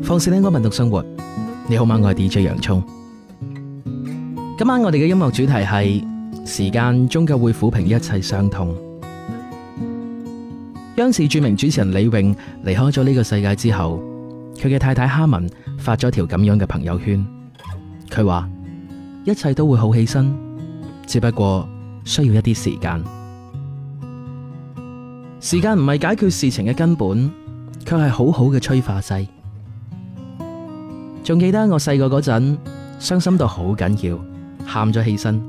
放肆聽歌，品讀生活。你好嗎？晚我係 DJ 洋蔥。今晚我哋嘅音樂主題係時間，終究會撫平一切傷痛。央視著名主持人李詠離開咗呢個世界之後，佢嘅太太哈文發咗條咁樣嘅朋友圈。佢話一切都會好起身，只不過需要一啲時間。時間唔係解決事情嘅根本，卻係好好嘅催化劑。仲記得我細個嗰陣，傷心到好緊要，喊咗起身，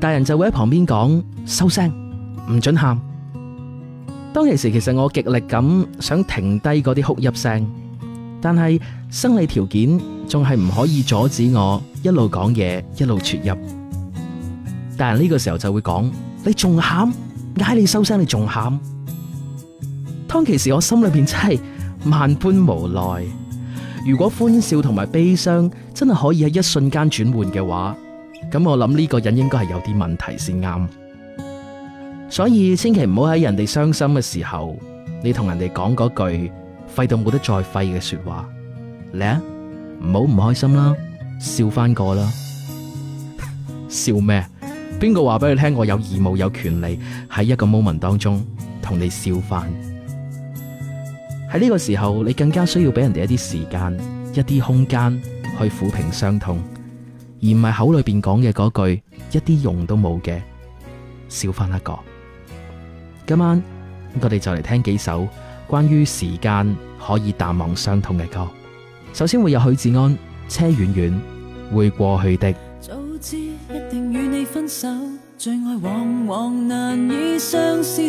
大人就會喺旁邊講，收聲，唔準喊。當其時，其實我極力咁想停低嗰啲哭泣聲，但係生理條件仲係唔可以阻止我一路講嘢一路啜泣。大人呢個時候就會講，你仲喊，嗌你收聲你仲喊。當其時，我心裏邊真係萬般無奈。如果歡笑同埋悲傷真係可以喺一瞬間轉換嘅話，咁我諗呢個人應該係有啲問題先啱，所以千祈唔好喺人哋傷心嘅時候，你同人哋講嗰句廢到冇得再廢嘅說話嚟啊！唔好唔開心啦，笑翻個啦，笑咩？邊個話俾你聽我有義務、有權利喺一個 moment 當中同你笑翻？喺呢個時候，你更加需要俾人哋一啲時間、一啲空間去撫平傷痛，而唔係口裏邊講嘅嗰句一啲用都冇嘅，笑番一個。今晚我哋就嚟聽幾首關於時間可以淡忘傷痛嘅歌。首先會有許志安、車婉婉《會過去的》。早知一定與你分手，最愛往往難以相思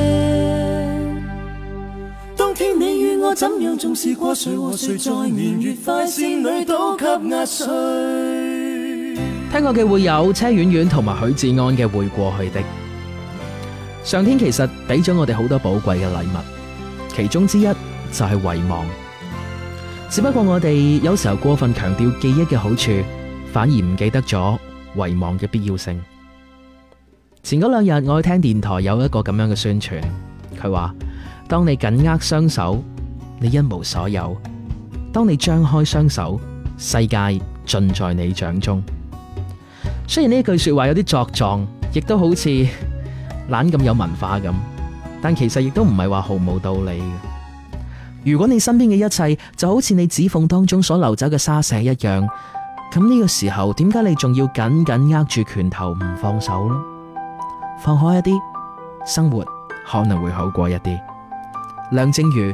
都給壓聽過嘅會有車婉婉同埋許志安嘅會過去的。上天其實俾咗我哋好多寶貴嘅禮物，其中之一就係遺忘。只不過我哋有時候過分強調記憶嘅好處，反而唔記得咗遺忘嘅必要性。前嗰兩日我去聽電台有一個咁樣嘅宣傳，佢話當你緊握雙手。你一無所有，當你張開雙手，世界盡在你掌中。雖然呢句說話有啲作狀，亦都好似懶咁有文化咁，但其實亦都唔係話毫無道理嘅。如果你身邊嘅一切就好似你指縫當中所流走嘅沙石一樣，咁呢個時候點解你仲要緊緊握住拳頭唔放手呢？放開一啲，生活可能會好過一啲。梁靜茹。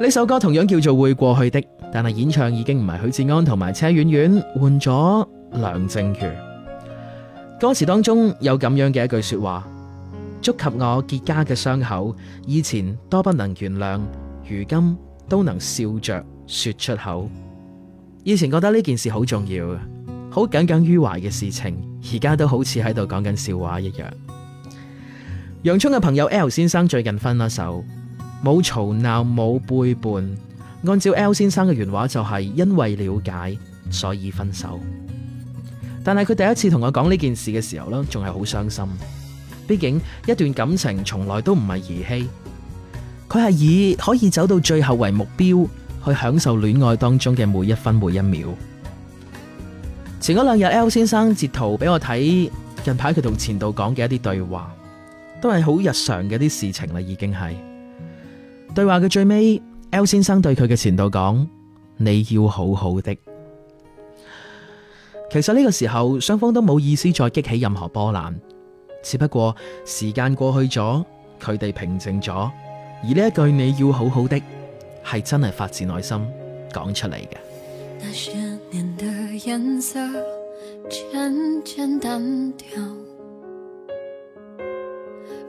呢首歌同樣叫做會過去的，但係演唱已經唔係許志安同埋車婉婉，換咗梁靜茹。歌詞當中有咁樣嘅一句說話：觸及我結痂嘅傷口，以前多不能原諒，如今都能笑着說出口。以前覺得呢件事好重要，好耿耿於懷嘅事情，而家都好似喺度講緊笑話一樣。洋蔥嘅朋友 L 先生最近分咗手。冇嘈鬧，冇背叛。按照 L 先生嘅原話，就係因為了解，所以分手。但係佢第一次同我講呢件事嘅時候呢，仲係好傷心。畢竟一段感情從來都唔係兒戲。佢係以可以走到最後為目標，去享受戀愛當中嘅每一分每一秒。前嗰兩日，L 先生截圖俾我睇，近排佢同前度講嘅一啲對話，都係好日常嘅啲事情啦，已經係。對話嘅最尾，L 先生對佢嘅前度講：你要好好的。其實呢個時候，雙方都冇意思再激起任何波瀾，只不過時間過去咗，佢哋平靜咗。而呢一句你要好好的，係真係發自內心講出嚟嘅。那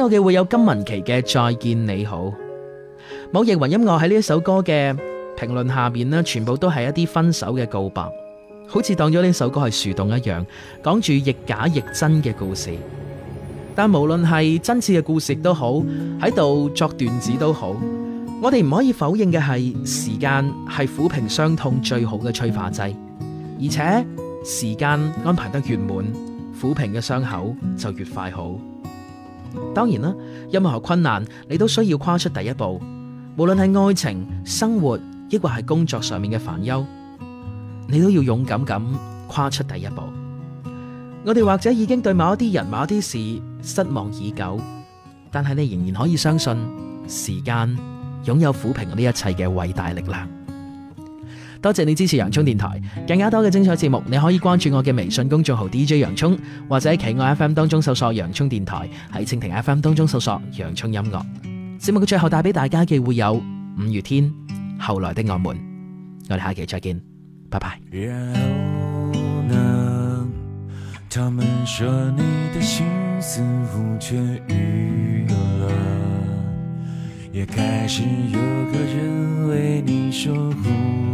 我嘅會有金玟岐嘅《再見你好》，網易雲音樂喺呢一首歌嘅評論下面，全部都係一啲分手嘅告白，好似當咗呢首歌係樹洞一樣，講住亦假亦真嘅故事。但無論係真摯嘅故事都好，喺度作段子都好，我哋唔可以否認嘅係，時間係撫平傷痛最好嘅催化劑，而且時間安排得越滿，撫平嘅傷口就越快好。當然啦，任何困難你都需要跨出第一步，無論係愛情、生活，亦或係工作上面嘅煩憂，你都要勇敢咁跨出第一步。我哋或者已經對某一啲人、某一啲事失望已久，但係你仍然可以相信，時間擁有撫平呢一切嘅偉大力量。多謝你支持洋葱電台，更加多嘅精彩節目你可以關注我嘅微信公眾號 DJ 洋葱，或者喺企愛 FM 當中搜索洋葱電台，喺蜻蜓 FM 當中搜索洋葱音樂。節目嘅最後帶俾大家嘅會有五月天《後來的我們》，我哋下期再見，拜拜。也